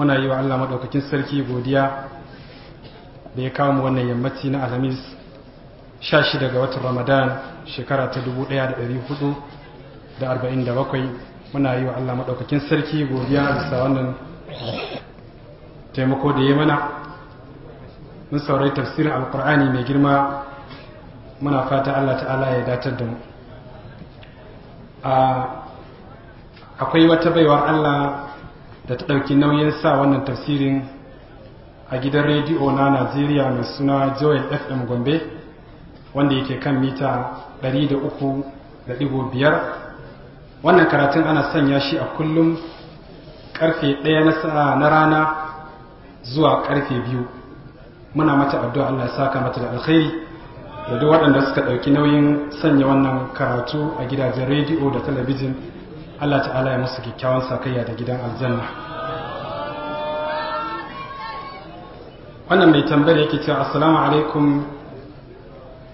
muna yi wa Allah maɗaukakin sarki godiya da ya kawo wannan yammaci na alhamis 16 ga watan ramadan shekara ta 1447 muna yi wa Allah maɗaukakin sarki godiya bisa wannan taimako da ya mana mun saurari tafsirin alkur'ani mai girma muna fata Allah ta'ala ya datar da mu akwai wata baiwar Allah da ta ɗauki nauyin sa wannan tafsirin a gidan rediyo na najeriya mai suna joel fm gombe wanda yake kan mita 300.5 wannan karatun ana sanya shi a kullum karfe ɗaya na na rana zuwa karfe biyu. muna mata addu'a Allah ya saka mata da alkhairi da duk waɗanda suka ɗauki nauyin sanya wannan karatu a gidajen rediyo da talabijin Allah ta'ala ya musu kyakkyawan sakayya da gidan aljanna wannan mai tambayar yake cewa assalamu alaikum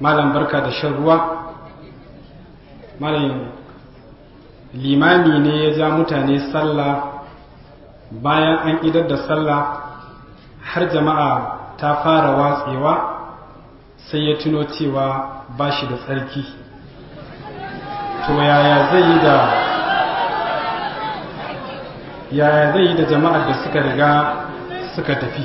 malam barka da shan ruwa malam limami ne ya ja mutane sallah bayan an idar da sallah har jama'a ta fara watsewa sai ya tuno cewa ba shi da tsarki to yaya zai yi da yaya zai yi da jama'ar da suka riga suka tafi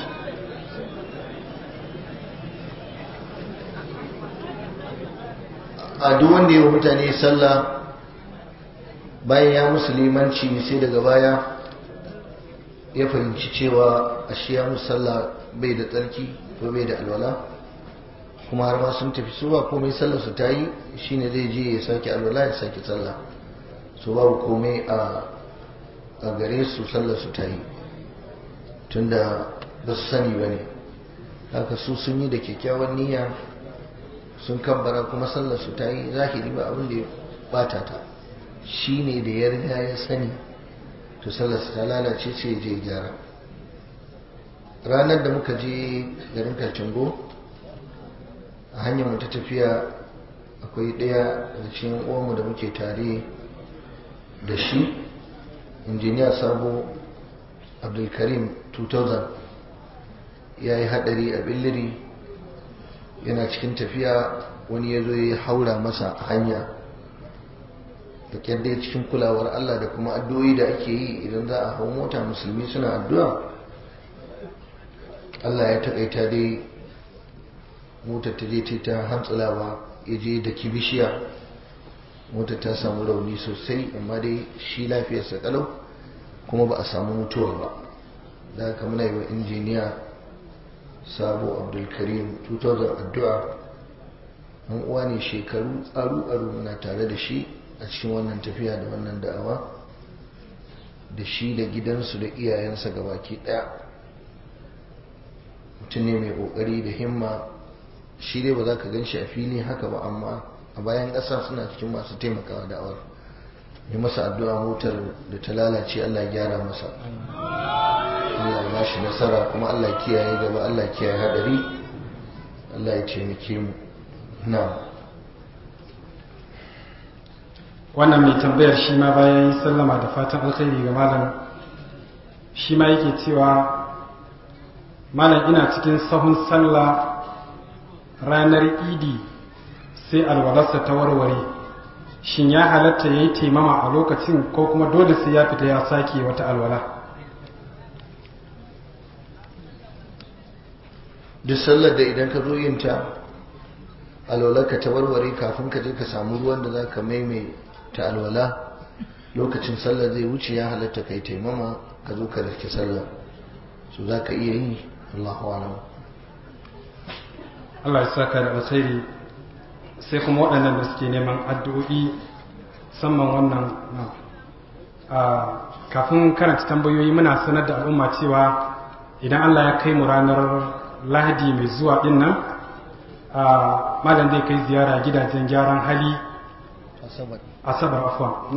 a duk wanda ya mutane sallah bayan ya musulmanci sai daga baya ya fahimci cewa ashe ya musalla bai da tsarki ko bai da alwala kuma har ma sun tafi suwa komai sallar su ta yi shine zai je ya sake alwala ya sake sallah su babu komai a a gare su sallar su ta yi tunda ba su sani ba ne haka su sun yi da kyakkyawan niyya sun kambara kuma sallar su ta yi zahiri ba abin da ya bata ta shi ne da ya riga ya sani to sallar su ta lalace ce je gyara ranar da muka je garin kacingo a hanyar mu ta tafiya akwai ɗaya da cikin uwanmu da muke tare da shi injiniya sabo abdulkarim 2000 ya yi hadari a billiri yana cikin tafiya wani ya zo ya haura masa hanya da dai cikin kulawar allah da kuma addu'o'i da ake yi idan za a hau mota musulmi suna addu'a allah ya taƙaita dai motar ta je ta hantsalawa ya je da kibishiya mota ta samu rauni sosai amma dai shi lafiyarsa kalau kuma ba a samu mutuwa ba da haka muna yi wa injiniya sabo abdulkarim 2000 addu'a an uwa ne shekaru tsaru aru muna tare da shi a cikin wannan tafiya da wannan da'awa da shi da gidansu da iyayensa gabaki daya mutum ne mai kokari da himma shi dai ba za ka gan shi a fili haka ba amma a bayan ƙasa suna cikin masu taimakawa da'awar yi masa addu'a motar da ta lalace Allah gyara masa Allah ya shi nasara kuma Allah kiyaye gaba Allah kiyaye hadari Allah ya taimake mu na wannan mai tambayar shi ma bayan yi sallama da fatan alkhairi ga malam shi ma yake cewa malam ina cikin sahun sallah ranar idi sai alwalarsa ta warware shin ya halatta ya yi taimama a lokacin ko kuma dole sai ya fita ya sake wata alwala duk sallar da idan ka zo yin ta ka ta warware kafin ka je ka samu ruwan da za ka ta alwala lokacin sallar zai wuce ya halatta ka yi taimama ka zo ka rike sallar su za ka iya yi allahu Allah ya saka da alkhairi sai kuma waɗannan da suke neman addu'o'i samman wannan kafin karanta tambayoyi muna sanar da al'umma cewa idan Allah ya kai mu ranar lahadi mai zuwa ɗin nan malam zai kai ziyara gidajen gyaran hali asabar afuwa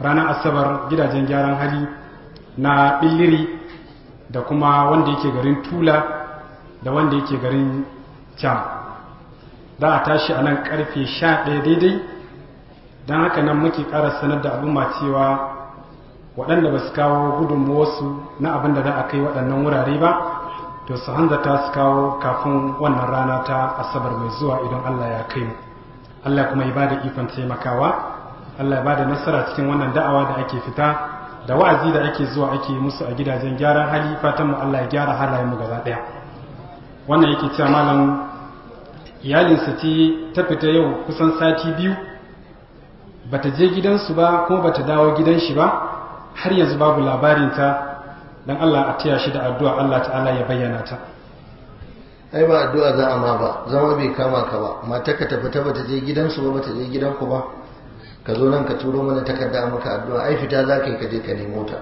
ranar asabar gidajen gyaran hali na billiri da kuma wanda yake garin tula da wanda yake garin cam da a tashi a nan karfe sha ɗaya daidai don haka nan muke ƙara sanar da al'umma cewa waɗanda ba su kawo su na abin da za a kai waɗannan wurare ba to su ta su kawo kafin wannan rana ta asabar mai zuwa idan allah ya kai mu allah kuma ya ba da ikon taimakawa allah ya ba da nasara cikin wannan da'awa da ake fita da wa'azi da ake zuwa ake musu a gidajen gyaran hali fatan mu allah ya gyara halayen mu gaba ɗaya wannan yake cewa malam iyalinsa ce ta fita yau kusan sati biyu ba ta je gidansu ba kuma ta dawo gidanshi ba har yanzu babu labarinta dan Allah a taya shi da addu'a Allah ta'ala ya bayyana ta ai ba addu'a za a ma ba zama bai kama ka ba mata ka tafi ta bata je gidansu ba bata je gidanku ba ka zo nan ka turo mana takarda maka addu'a ai fita za ka yi ka je ka nemo ta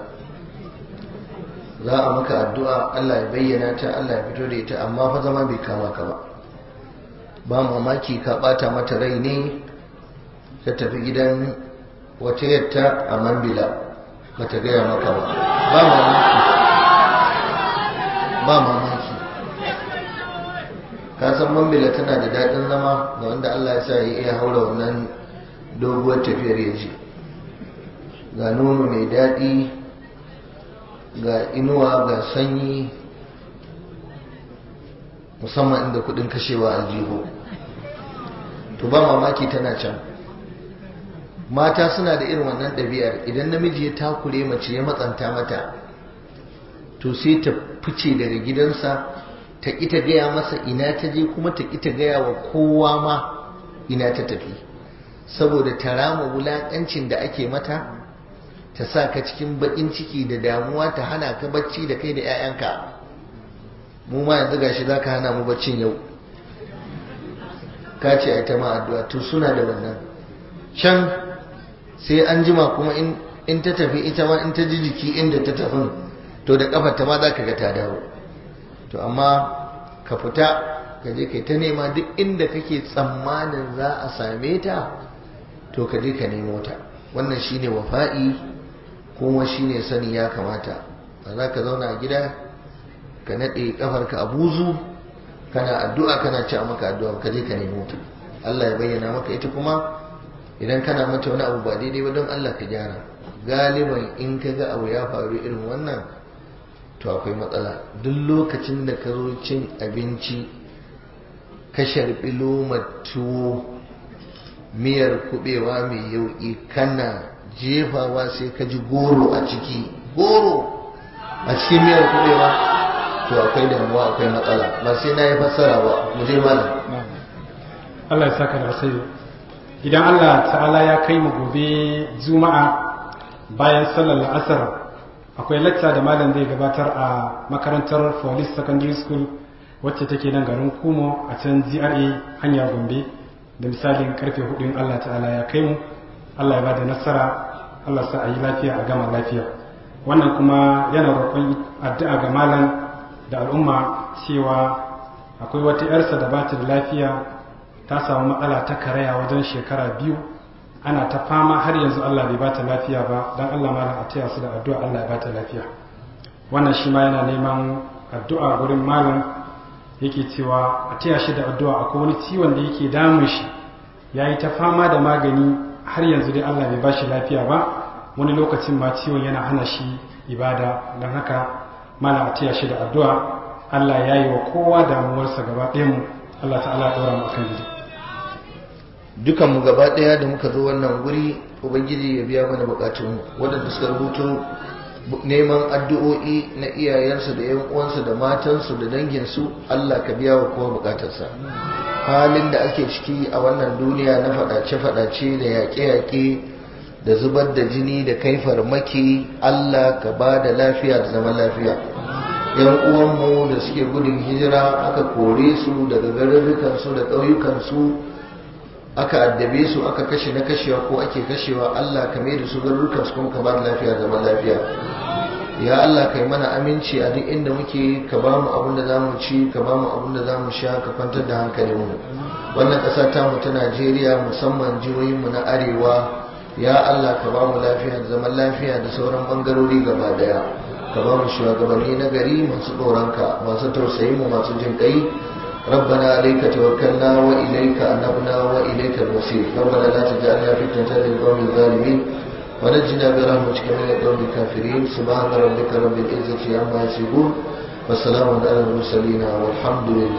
za a maka addu'a Allah ya bayyana ta Allah ya fito da ita amma fa zama bai kama ka ba ba mamaki ka bata mata rai ne ta tafi gidan wata yatta a mambila ba ta gaya maka ba ba mamaki ba mamaki ka san mambila tana da daɗin zama ga wanda Allah ya sa ya iya haura wannan doguwar tafiyar ya ji ga nono mai daɗi ga inuwa ga sanyi musamman inda kudin kashewa a jiho, to ba mamaki tana can mata suna da irin wannan ɗabi'ar idan namiji ya takure mace ya matsanta mata to sai ta fice daga gidansa ta ƙi gaya masa ina ta je kuma ta ƙi gaya wa kowa ma ina ta tafi saboda ta rama wulaƙancin da ake mata ta sa ka cikin baƙin ciki da damuwa ta hana ka bacci da kai da 'ya'yanka mu ma yanzu gashi za ka hana mu baccin yau ka ce ai ta ma addu'a to suna da wannan can sai an jima kuma in ta tafi ita ma in ta ji jiki inda ta tafi to da kafar ta ma za ka ga ta dawo to amma ka fita ka je kai ta nema duk inda kake tsammanin za a same ta to ka je ka nemo ta wannan shine wafa'i kuma shine sani ya kamata ba za ka zauna a gida ka nade kafarka a buzu kana addu'a kana ci a maka addu'a ka je ka nemo ta Allah ya bayyana maka ita kuma idan kana mata wani abu ba daidai ba don Allah ka gyara galiban in ka ga abu ya faru irin wannan to akwai matsala duk lokacin da ka zo cin abinci ka sharbi lomar tuwo miyar kuɓewa mai yauƙi kana jefawa sai ka ji goro a ciki goro a cikin miyar kuɓewa. to akwai damuwa akwai matsala ba sai na yi fassara ba mu je mana Allah ya saka da sai idan Allah ta'ala ya kai mu gobe juma'a bayan sallar asar akwai lacca da malam zai gabatar a makarantar police secondary school wacce take nan garin kumo a can GRA hanya gombe da misalin karfe hudun Allah ta'ala ya kai mu Allah ya bada nasara Allah sa a yi lafiya a gama lafiya wannan kuma yana roƙon addu'a ga malam da al'umma cewa akwai wata yarsa da ba ta da lafiya ta samu matsala ta karaya wajen shekara biyu ana ta fama har yanzu Allah bai ta lafiya ba don Allah ma a taya su da addu'a Allah ya ta lafiya wannan shi ma yana neman addu'a gurin malam yake cewa a taya shi da addu'a akwai wani ciwon da yake damun shi ya yi ta fama da magani har yanzu dai Allah bai ba shi lafiya ba wani lokacin ma ciwon yana hana shi ibada don haka mana a tiya da addu'a Allah ya yi wa kowa damuwarsa gaba mu Allah ta'ala ya ɗora mu akan gidi dukan gaba ɗaya da muka zo wannan guri ubangiji ya biya mana bukatun waɗanda suka rubuto neman addu'o'i na iyayensu da yan uwansu da matansu da danginsu Allah ka biya wa kowa bukatarsa halin da ake ciki a wannan duniya na faɗace-faɗace da yaƙe-yaƙe da zubar da jini da kaifar maki, Allah ka ba da lafiya da zama lafiya yan uwanmu da suke gudun hijira aka kore su daga garurukansu da ƙauyukansu aka addabe su aka kashe na kashewa ko ake kashewa Allah ka mai da su garurukansu kuma ka ba da lafiya da zama lafiya ya Allah kai mana aminci a duk inda muke ka ba mu abin da zamu ci ka ba mu abin da zamu sha ka kwantar da hankalinmu wannan ƙasa ta mu ta Najeriya musamman jihohinmu na arewa ya Allah ka ba mu lafiya da zaman lafiya da sauran bangarori gaba daya ka ba mu shugabanni na gari masu tsoronka masu tausayi mu masu jin kai ربنا عليك توكلنا وإليك أنبنا وإليك المصير ربنا لا تجعلنا فتنة للقوم الظالمين ونجنا برحمتك من القوم الكافرين سبحان ربك رب العزة عما يصفون والسلام على المرسلين والحمد لله